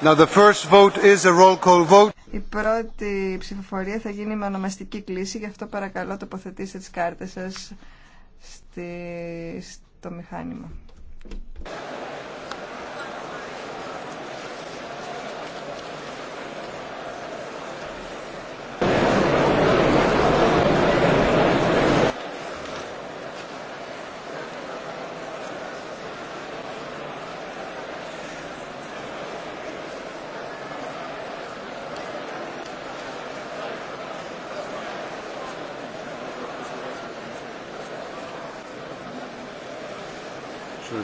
Now the first vote is a roll call vote. Η πρώτη ψηφοφορία θα γίνει με ονομαστική κλίση, γι' αυτό παρακαλώ τοποθετήστε τις κάρτες σας στο μηχάνημα. The voting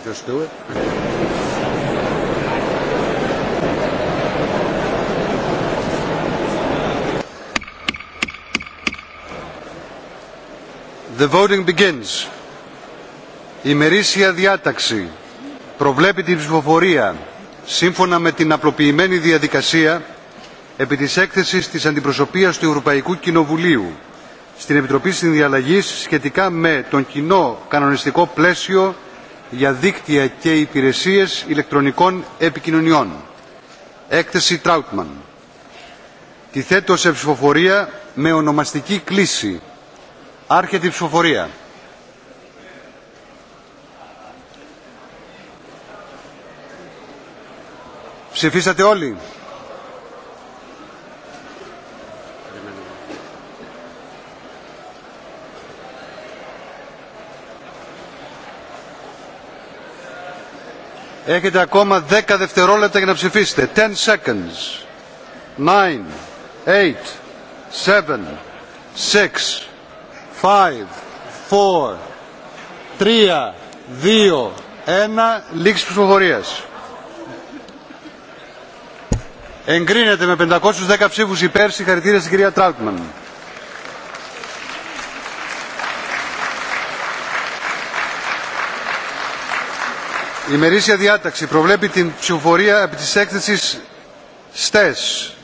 begins. Η μερίσια διάταξη προβλέπει την ψηφοφορία σύμφωνα με την απλοποιημένη διαδικασία επί της έκθεσης της αντιπροσωπείας του Ευρωπαϊκού Κοινοβουλίου στην Επιτροπή Συνδιαλλαγής σχετικά με τον κοινό κανονιστικό πλαίσιο για δίκτυα και υπηρεσίες ηλεκτρονικών επικοινωνιών. Έκθεση Τράουτμαν. Τη θέτω σε ψηφοφορία με ονομαστική κλίση. Άρχεται η ψηφοφορία. Ψηφίσατε όλοι. Έχετε ακόμα 10 δευτερόλεπτα για να ψηφίσετε. 10 seconds. 9, 8, 7, 6, 5, 4, 3, 2, 1. Λήξη ψηφοφορία. Εγκρίνεται με 510 ψήφου υπέρ. Συγχαρητήρια στην κυρία Τράουτμαν. Η ημερήσια διάταξη προβλέπει την ψηφοφορία επί της έκθεσης ΣΤΕΣ e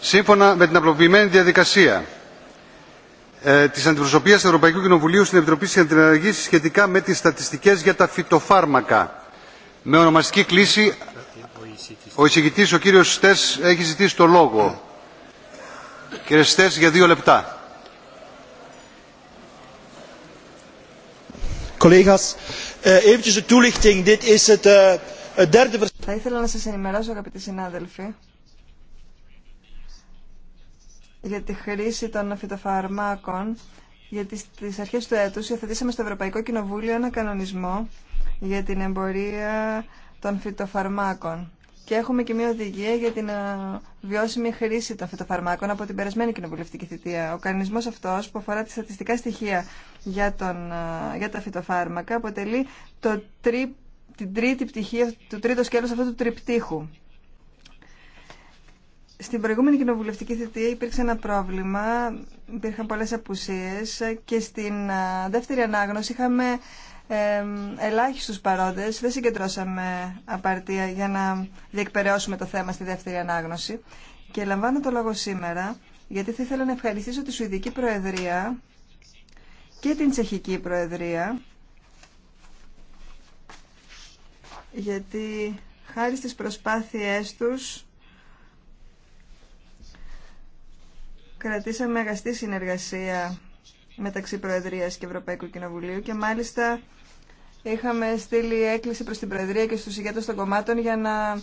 σύμφωνα με την απλοποιημένη διαδικασία ε, της Αντιπροσωπείας του Ευρωπαϊκού Κοινοβουλίου στην Επιτροπή Συνεδριαγής σχετικά με τις στατιστικές για τα φυτοφάρμακα. Με ονομαστική κλίση ο εισηγητής, ο κύριος Στές, e έχει ζητήσει το λόγο. Κύριε Στές, e για δύο λεπτά. Ε, ε, ε, Θα ήθελα να σας ενημερώσω αγαπητοί συνάδελφοι για τη χρήση των φυτοφαρμάκων γιατί στις αρχές του έτους υιοθετήσαμε στο Ευρωπαϊκό Κοινοβούλιο ένα κανονισμό για την εμπορία των φυτοφαρμάκων. Και έχουμε και μια οδηγία για την ε, βιώσιμη χρήση των φυτοφαρμάκων από την περασμένη κοινοβουλευτική θητεία. Ο κανονισμό αυτό που αφορά τα στατιστικά στοιχεία για, τον, ε, για τα φυτοφάρμακα αποτελεί το την τρίτη πτυχή, το τρίτο σκέλος αυτού του τριπτύχου. Στην προηγούμενη κοινοβουλευτική θητεία υπήρξε ένα πρόβλημα, υπήρχαν πολλές απουσίες και στην ε, δεύτερη ανάγνωση είχαμε ελάχιστους παρόντες, δεν συγκεντρώσαμε απαρτία για να διεκπαιρεώσουμε το θέμα στη δεύτερη ανάγνωση. Και λαμβάνω το λόγο σήμερα, γιατί θα ήθελα να ευχαριστήσω τη Σουηδική Προεδρία και την Τσεχική Προεδρία, γιατί χάρη στις προσπάθειές τους κρατήσαμε αγαστή συνεργασία μεταξύ Προεδρίας και Ευρωπαϊκού Κοινοβουλίου και μάλιστα είχαμε στείλει έκκληση προς την Προεδρία και στους ηγέτες των κομμάτων για να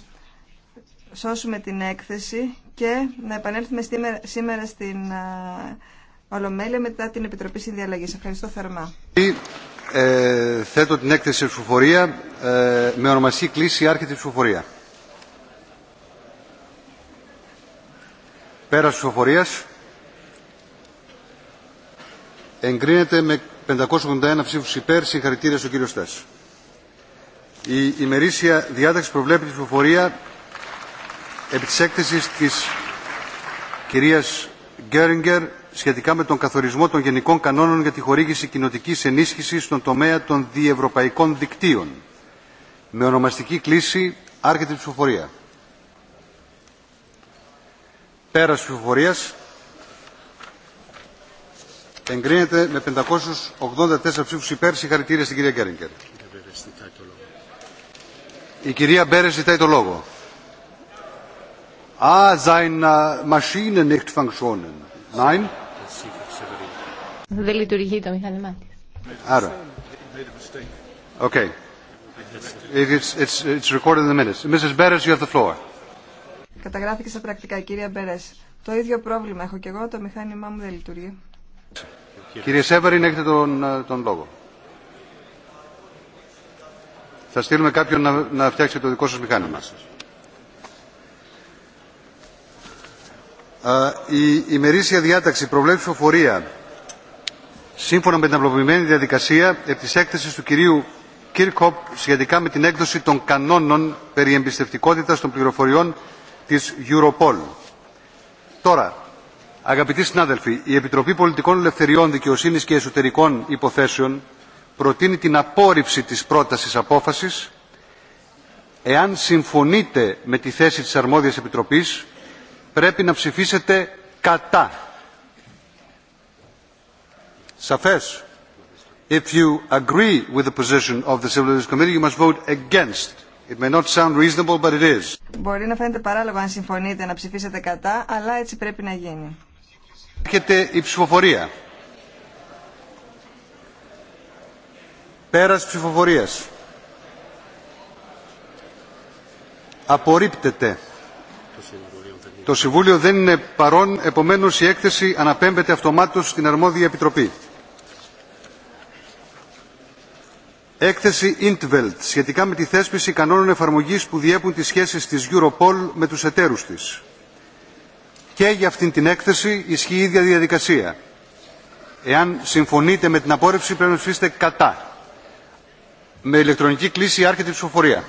σώσουμε την έκθεση και να επανέλθουμε σήμερα στην Ολομέλεια μετά την Επιτροπή Συνδιαλλαγής. Ευχαριστώ θερμά. Ε, θέτω την έκθεση ψηφοφορία ε, με ονομασία κλίση άρχεται ψηφοφορία. Πέρας ψηφοφορίας εγκρίνεται με 581 ψήφου υπέρ. Συγχαρητήρια στον κύριο Στάση. Η ημερήσια διάταξη προβλέπει τη ψηφοφορία επί της έκθεση τη κυρίας Γκέριγκερ σχετικά με τον καθορισμό των γενικών κανόνων για τη χορήγηση κοινοτική ενίσχυσης στον τομέα των διευρωπαϊκών δικτύων. Με ονομαστική κλίση άρχεται η ψηφοφορία. Πέρας ψηφοφορία. Εγκρίνεται με 584 ψήφους υπέρ. Συγχαρητήρια στην κυρία Γκέρινγκερ. Η κυρία Μπέρες ζητάει το λόγο. Α, seine Maschine nicht funktionen. Nein? Δεν λειτουργεί το μηχανημά Άρα. Okay. It's, it's, it's recorded in the minutes. Mrs. Beres, you have the floor. Καταγράφηκε στα πρακτικά, κυρία Μπέρες. Το ίδιο πρόβλημα έχω και εγώ, το μηχάνημά μου δεν λειτουργεί. Κύριε Σέβεριν, έχετε ε, τον, λόγο. Θα στείλουμε κάποιον να, φτιάξει το δικό σας μηχάνημα. Η ημερήσια διάταξη προβλέπει φοφορία σύμφωνα με την απλοποιημένη διαδικασία επί της του κυρίου Κίρκοπ σχετικά με την έκδοση των κανόνων περί εμπιστευτικότητας των πληροφοριών της Europol. Τώρα, Αγαπητοί συνάδελφοι, η Επιτροπή Πολιτικών Ελευθεριών, Δικαιοσύνη και Εσωτερικών Υποθέσεων προτείνει την απόρριψη της πρότασης απόφασης εάν συμφωνείτε με τη θέση της αρμόδιας επιτροπής πρέπει να ψηφίσετε κατά σαφές if you agree with the position of the civil liberties committee you must vote against it may not sound reasonable but it is μπορεί να φαίνεται παράλογο αν συμφωνείτε να ψηφίσετε κατά αλλά έτσι πρέπει να γίνει Έρχεται η ψηφοφορία. Πέρας ψηφοφορίας. Απορρίπτεται. Το Συμβούλιο δεν είναι παρόν, επομένως η έκθεση αναπέμπεται αυτομάτως στην αρμόδια επιτροπή. Έκθεση Intveld σχετικά με τη θέσπιση κανόνων εφαρμογής που διέπουν τις σχέσεις της Europol με τους εταίρους της. Και για αυτήν την έκθεση ισχύει η ίδια διαδικασία. Εάν συμφωνείτε με την απόρριψη πρέπει να ψηφίσετε κατά. Με ηλεκτρονική κλίση άρχεται η ψηφοφορία.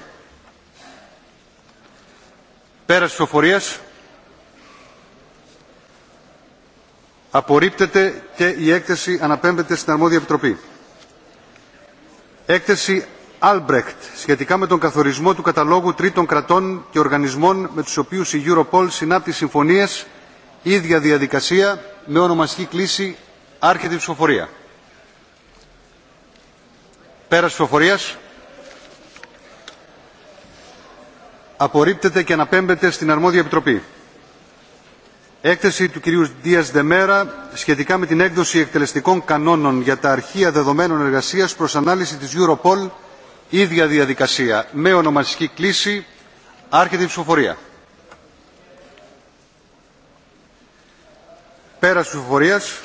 Πέρας ψηφοφορίας απορρίπτεται και η έκθεση αναπέμπεται στην αρμόδια επιτροπή. Έκθεση Albrecht σχετικά με τον καθορισμό του καταλόγου τρίτων κρατών και οργανισμών με τους οποίους η Europol συνάπτει συμφωνίες, ίδια διαδικασία, με ονομαστική κλίση, άρχεται η ψηφοφορία. Πέρας ψηφοφορίας. Απορρίπτεται και αναπέμπεται στην αρμόδια επιτροπή. Έκθεση του κυρίου Δίας Δεμέρα σχετικά με την έκδοση εκτελεστικών κανόνων για τα αρχεία δεδομένων εργασίας προς ανάλυση της Europol ίδια διαδικασία με ονομαστική κλίση άρχεται η ψηφοφορία. Πέρας ψηφοφορίας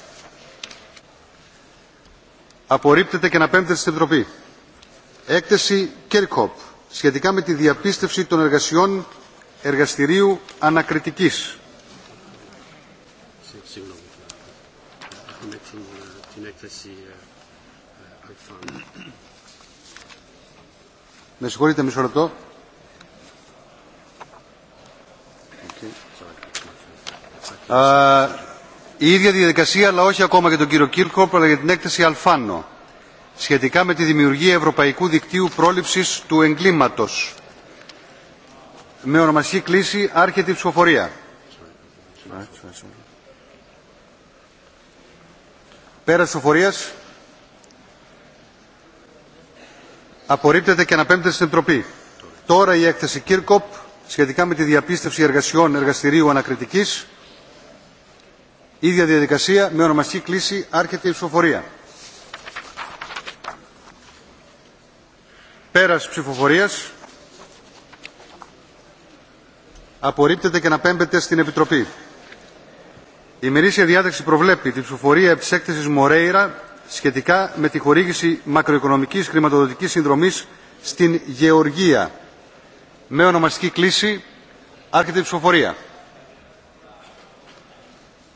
απορρίπτεται και αναπέμπτεται στην Επιτροπή. Έκθεση Κέρκοπ σχετικά με τη διαπίστευση των εργασιών εργαστηρίου ανακριτικής. την ε, ε, με συγχωρείτε, μισό λεπτό. η ίδια διαδικασία, αλλά όχι ακόμα για τον κύριο Κίρκοπ, αλλά για την έκθεση Αλφάνο, σχετικά με τη δημιουργία Ευρωπαϊκού Δικτύου Πρόληψης του Εγκλήματος. Με ονομασική κλίση άρχεται η ψηφοφορία. Πέρα ψηφοφορίας. απορρίπτεται και αναπέμπτεται στην Επιτροπή. Τώρα η έκθεση Κίρκοπ σχετικά με τη διαπίστευση εργασιών εργαστηρίου ανακριτικής. Ίδια διαδικασία με ονομαστική κλίση άρχεται η ψηφοφορία. Πέρας ψηφοφορίας απορρίπτεται και αναπέμπεται στην Επιτροπή. Η μερίσια διάταξη προβλέπει την ψηφοφορία της έκθεσης Μορέιρα σχετικά με τη χορήγηση μακροοικονομικής χρηματοδοτικής συνδρομής στην Γεωργία. Με ονομαστική κλίση άρχεται η ψηφοφορία.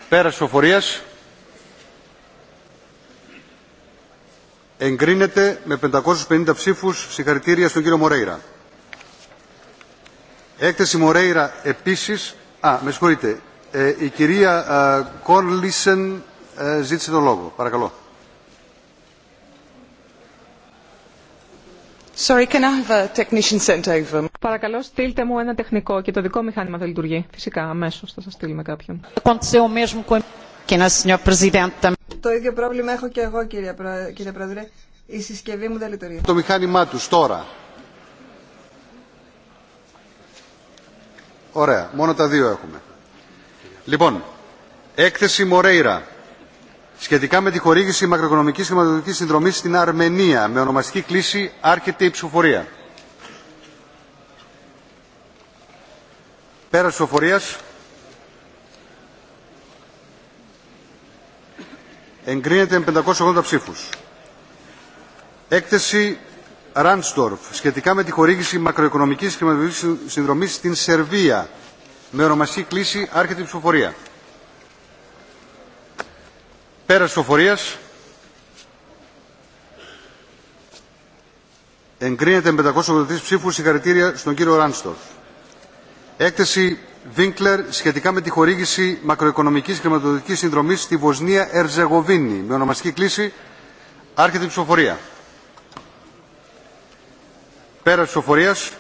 Πέρα ψηφοφορίας εγκρίνεται με 550 ψήφους συγχαρητήρια στον κύριο Μορέιρα. Έκθεση Μορέιρα επίσης... Α, με συγχωρείτε. Ε, η κυρία ε, Κόρλισεν ε, ζήτησε τον λόγο. Παρακαλώ. Παρακαλώ, στείλτε μου ένα τεχνικό και το δικό μηχάνημα θα λειτουργεί. Φυσικά, αμέσω θα σα στείλουμε κάποιον. Το ίδιο πρόβλημα έχω και εγώ, κύριε, κύριε Πρόεδρε. Η συσκευή μου δεν λειτουργεί. Το μηχάνημά του τώρα. Ωραία, μόνο τα δύο έχουμε. Λοιπόν, έκθεση Μορέιρα σχετικά με τη χορήγηση μακροοικονομικής χρηματοδοτικής συνδρομής στην Αρμενία. Με ονομαστική κλίση άρχεται η ψηφοφορία. Πέρα ψηφοφορίας. Εγκρίνεται με 580 ψήφους. Έκθεση Ράνστορφ σχετικά με τη χορήγηση μακροοικονομικής χρηματοδοτικής συνδρομής στην Σερβία. Με ονομαστική κλίση άρχεται η ψηφοφορία. Πέρας ψηφοφορίας εγκρίνεται με 583 ψήφου συγχαρητήρια στον κύριο Ράνστορφ. Έκθεση Βίνκλερ σχετικά με τη χορήγηση μακροοικονομικής χρηματοδοτική συνδρομή στη Βοσνία Ερζεγοβίνη με ονομαστική κλίση άρχεται η ψηφοφορία. Πέρας ψηφοφορίας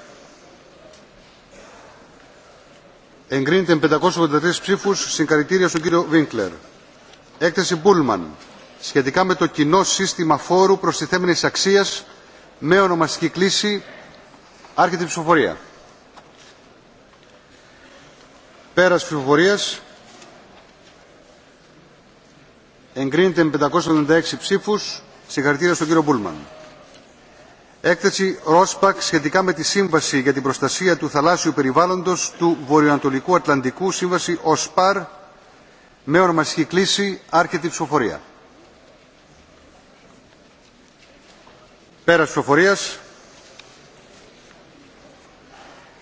εγκρίνεται με 583 ψήφου συγχαρητήρια στον κύριο Βίνκλερ. Έκθεση Μπούλμαν σχετικά με το κοινό σύστημα φόρου προστιθέμενης αξίας με ονομαστική κλίση άρχεται ψηφοφορία. Πέρας ψηφοφορίας εγκρίνεται με 596 ψήφους. Συγχαρητήρια στον κύριο Μπούλμαν. Έκθεση Ρόσπακ σχετικά με τη Σύμβαση για την Προστασία του Θαλάσσιου Περιβάλλοντος του Βορειοανατολικού Ατλαντικού Σύμβαση ΟΣΠΑΡ με έχει κλίση άρχεται η ψηφοφορία. Πέρας ψηφοφορίας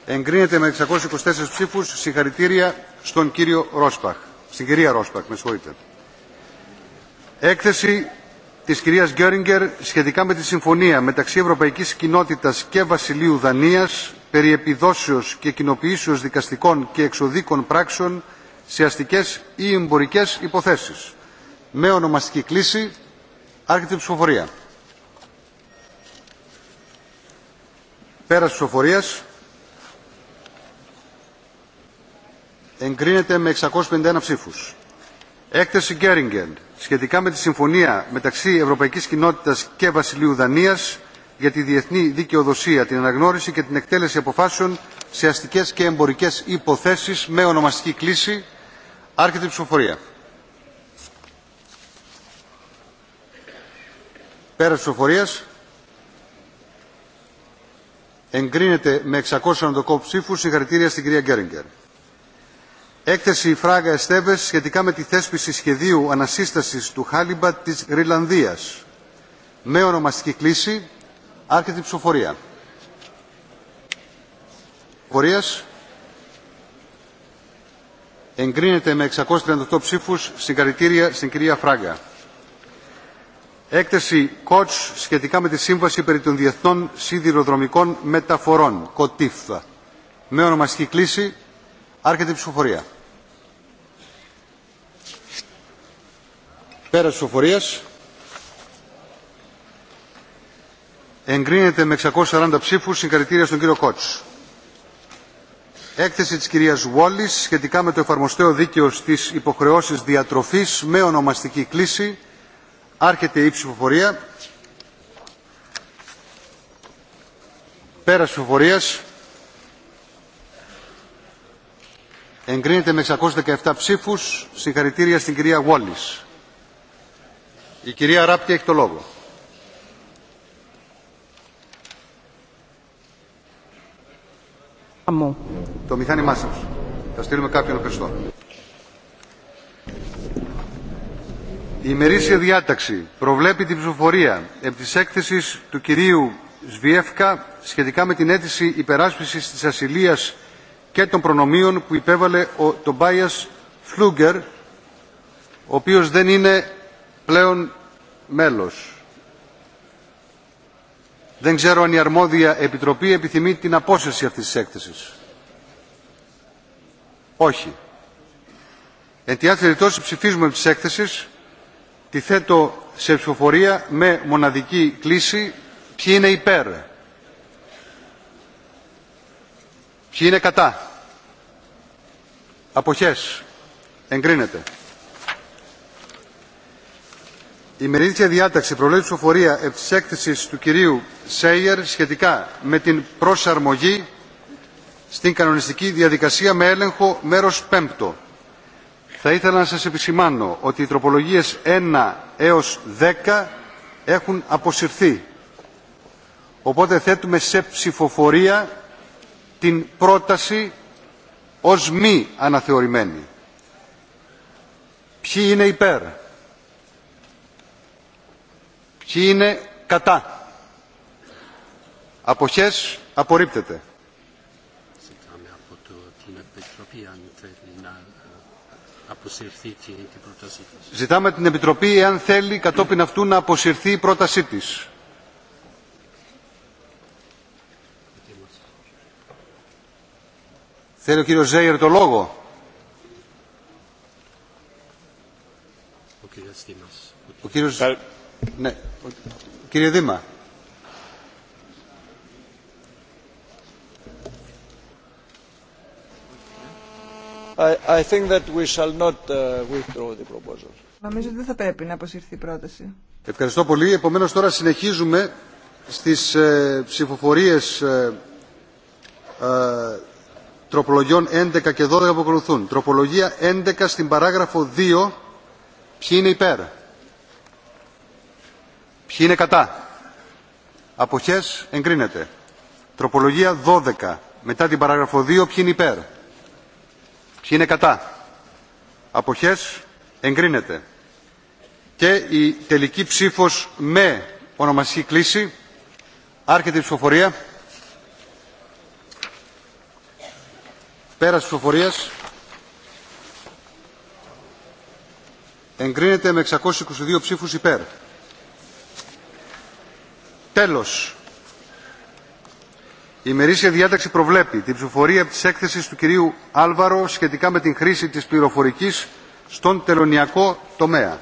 εγκρίνεται με 624 ψήφους συγχαρητήρια στον κύριο Ρόσπαχ. Στην κυρία Ρόσπαχ, με συγχωρείτε. Έκθεση της κυρίας Γκέριγκερ σχετικά με τη συμφωνία μεταξύ Ευρωπαϊκής Κοινότητας και Βασιλείου Δανίας περί επιδόσεως και κοινοποιήσεως δικαστικών και εξοδίκων πράξεων σε αστικέ ή εμπορικέ υποθέσει. Με ονομαστική κλίση, άρχεται η ψηφοφορία. Πέρας ψηφοφορίας, ψηφοφορία εγκρινεται με 651 ψήφους. Έκθεση Γκέριγκεν σχετικά με τη συμφωνία μεταξύ Ευρωπαϊκής Κοινότητας και Βασιλείου Δανία για τη διεθνή δικαιοδοσία, την αναγνώριση και την εκτέλεση αποφάσεων σε αστικέ και εμπορικές υποθέσει με ονομαστική κλίση Άρχεται η ψηφοφορία. Πέρα ψηφοφορίας. Εγκρίνεται με 698 ψήφους. Συγχαρητήρια στην κυρία Γκέριγκερ. Έκθεση Φράγα Εστέβες σχετικά με τη θέσπιση σχεδίου ανασύστασης του Χάλιμπα της Γρυλανδίας. Με ονομαστική κλίση. Άρχεται η ψηφοφορία. Εγκρίνεται με 638 ψήφους. Συγκαρητήρια στην κυρία Φράγκα. Έκθεση Κότς σχετικά με τη Σύμβαση περί των Διεθνών Σιδηροδρομικών Μεταφορών, Κοτίφθα. Με ονομαστική κλίση, άρχεται η ψηφοφορία. Πέρα ψηφοφορίας. Εγκρίνεται με 640 ψήφους. Συγκαρητήρια στον κύριο Κότς. Έκθεση της κυρίας Βόλης σχετικά με το εφαρμοστέο δίκαιο στις υποχρεώσεις διατροφής με ονομαστική κλίση. Άρχεται η ψηφοφορία. Πέρα ψηφοφορίας. Εγκρίνεται με 617 ψήφους. Συγχαρητήρια στην κυρία Βόλης. Η κυρία Ράπτη έχει το λόγο. Το μηχάνημά σας. Θα στείλουμε κάποιον Χριστό. Η ημερήσια διάταξη προβλέπει την ψηφοφορία επί της έκθεσης του κυρίου Σβιέφκα σχετικά με την αίτηση υπεράσπισης της ασυλίας και των προνομίων που υπέβαλε ο Τομπάιας Φλούγκερ, ο οποίος δεν είναι πλέον μέλος. Δεν ξέρω αν η αρμόδια επιτροπή επιθυμεί την απόσυρση αυτής της έκθεσης. Όχι. Εν τη περιπτώσει ψηφίζουμε της έκθεσης, τη θέτω σε ψηφοφορία με μοναδική κλίση ποιοι είναι υπέρ, ποιοι είναι κατά, αποχές, εγκρίνεται. Η μερίδια διάταξη προβλέπει ψηφοφορία επί του κυρίου Σέιερ σχετικά με την προσαρμογή στην κανονιστική διαδικασία με έλεγχο μέρος πέμπτο. Θα ήθελα να σας επισημάνω ότι οι τροπολογίες 1 έως 10 έχουν αποσυρθεί. Οπότε θέτουμε σε ψηφοφορία την πρόταση ως μη αναθεωρημένη. Ποιοι είναι υπέρ. Ποιοι είναι κατά. Αποχές απορρίπτεται. Ζητάμε την Επιτροπή αν ε, θέλει κατόπιν αυτού να αποσυρθεί η πρότασή της. Θέλει ο κύριος Ζέιερ το λόγο. Ο κύριος... Ναι. Κύριε Δήμα. I think that we shall not uh, withdraw the proposal. Νομίζω ότι δεν θα πρέπει να αποσυρθεί η πρόταση. Ευχαριστώ πολύ. Επομένως τώρα συνεχίζουμε στις ε, ψηφοφορίες ε, ε, τροπολογιών 11 και 12 που ακολουθούν. Τροπολογία 11 στην παράγραφο 2. Ποιοι είναι υπέρ. Ποιοι είναι κατά. Αποχές εγκρίνεται. Τροπολογία 12. Μετά την παράγραφο 2 ποιοι είναι υπέρ. Ποιοι είναι κατά. Αποχές εγκρίνεται. Και η τελική ψήφος με ονομαστική κλίση. Άρχεται η ψηφοφορία. Πέρας ψηφοφορίας. Εγκρίνεται με 622 ψήφους υπέρ. Τέλος. Η ημερήσια διάταξη προβλέπει την ψηφοφορία της έκθεσης του κυρίου Άλβαρο σχετικά με την χρήση της πληροφορικής στον τελωνιακό τομέα.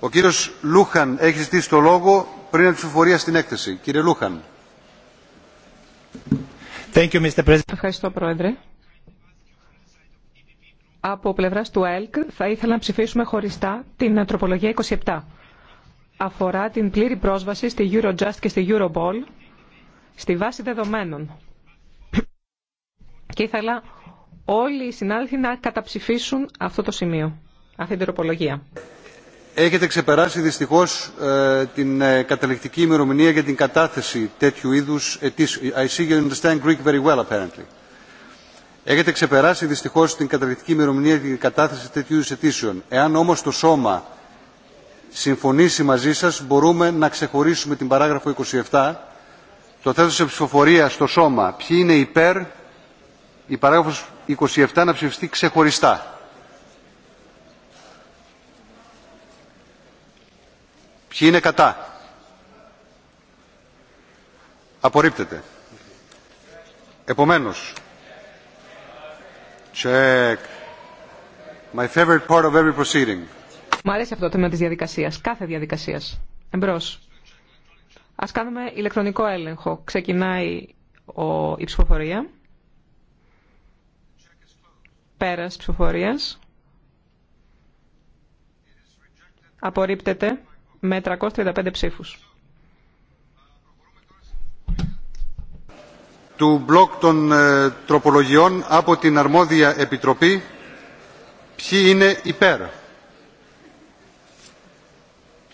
Ο κύριος Λούχαν έχει ζητήσει το λόγο πριν την ψηφοφορία στην έκθεση. Κύριε Λούχαν. Ευχαριστώ, Πρόεδρε από πλευρά του ΕΛΚ θα ήθελα να ψηφίσουμε χωριστά την τροπολογία 27. Αφορά την πλήρη πρόσβαση στη Eurojust και στη Euroball στη βάση δεδομένων. Και ήθελα όλοι οι συνάδελφοι να καταψηφίσουν αυτό το σημείο, αυτή την τροπολογία. Έχετε ξεπεράσει δυστυχώς ε, την ε, καταληκτική ημερομηνία για την κατάθεση τέτοιου είδους αιτήσεων. I see you understand Greek very well apparently. Έχετε ξεπεράσει δυστυχώ την καταληκτική ημερομηνία για την κατάθεση τέτοιου αιτήσεων. Εάν όμω το Σώμα συμφωνήσει μαζί σα, μπορούμε να ξεχωρίσουμε την παράγραφο 27. Το θέτω σε ψηφοφορία στο Σώμα. Ποιοι είναι υπέρ η παράγραφο 27 να ψηφιστεί ξεχωριστά. Ποιοι είναι κατά. Απορρίπτεται. Επομένως, Check. Μ' αρέσει αυτό το τμήμα της διαδικασίας, κάθε διαδικασίας. Εμπρός. Ας κάνουμε ηλεκτρονικό έλεγχο. Ξεκινάει η ψηφοφορία. Πέρας ψηφοφορίας. Απορρίπτεται με 335 ψήφους. του μπλοκ των ε, τροπολογιών από την αρμόδια επιτροπή. Ποιοι είναι υπέρ. Ποιοι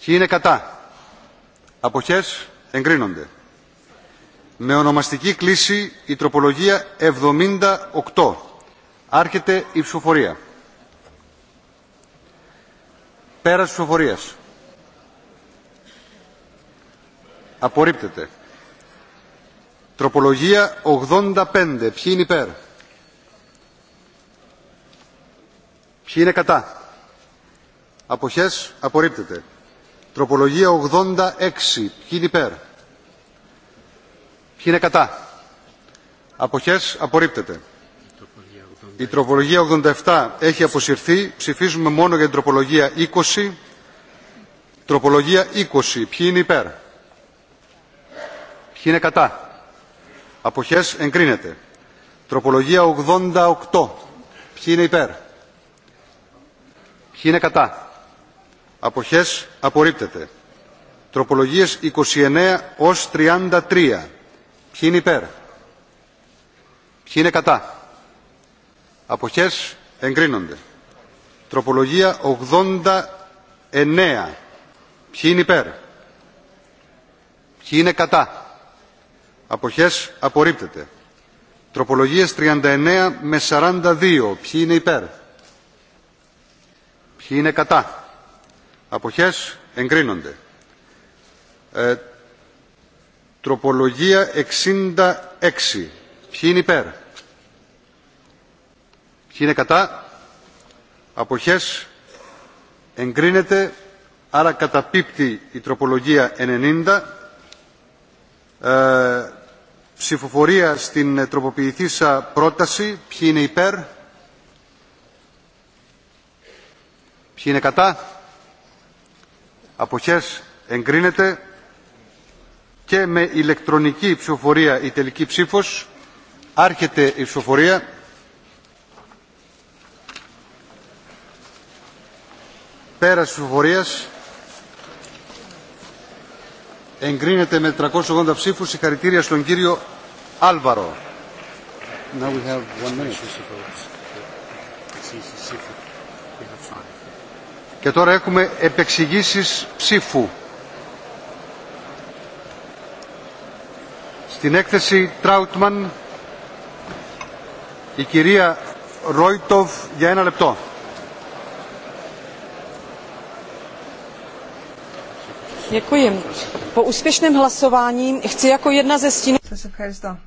είναι κατά. Αποχές εγκρίνονται. Με ονομαστική κλίση η τροπολογία 78. Άρχεται η ψηφοφορία. Πέρας ψηφοφορίας. Απορρίπτεται. Τροπολογία 85. Ποιοι είναι υπέρ. Ποιοι είναι κατά. Αποχές απορρίπτεται. Τροπολογία 86. Ποιοι είναι υπέρ. Ποιοι είναι κατά. Αποχές απορρίπτεται. Η τροπολογία 87 έχει αποσυρθεί. Ψηφίζουμε μόνο για την τροπολογία 20. Τροπολογία 20. Ποιοι είναι υπέρ. Ποιοι είναι κατά. Αποχές εγκρίνεται. Τροπολογία 88. Ποιοι είναι υπέρ. Ποιοι είναι κατά. Αποχές απορρίπτεται. Τροπολογίες 29 ως 33. Ποιοι είναι υπέρ. Ποιοι είναι κατά. Αποχές εγκρίνονται. Τροπολογία 89. Ποιοι είναι υπέρ. Ποιοι είναι κατά. Αποχές απορρίπτεται. Τροπολογίες 39 με 42. Ποιοι είναι υπέρ. Ποιοι είναι κατά. Αποχές εγκρίνονται. Ε, τροπολογία 66. Ποιοι είναι υπέρ. Ποιοι είναι κατά. Αποχές εγκρίνεται. Άρα καταπίπτει η τροπολογία 90. Ε, ψηφοφορία στην ε, τροποποιηθήσα πρόταση. Ποιοι είναι υπέρ. Ποιοι είναι κατά. Αποχές εγκρίνεται και με ηλεκτρονική ψηφοφορία η τελική ψήφος. Άρχεται η ψηφοφορία. Πέρας ψηφοφορίας. Εγκρίνεται με 380 ψήφους. Συγχαρητήρια στον κύριο Άλβαρο. Και τώρα έχουμε επεξηγήσεις ψήφου. Στην έκθεση Τράουτμαν η κυρία Ρόιτοβ για ένα λεπτό. Σας ευχαριστώ.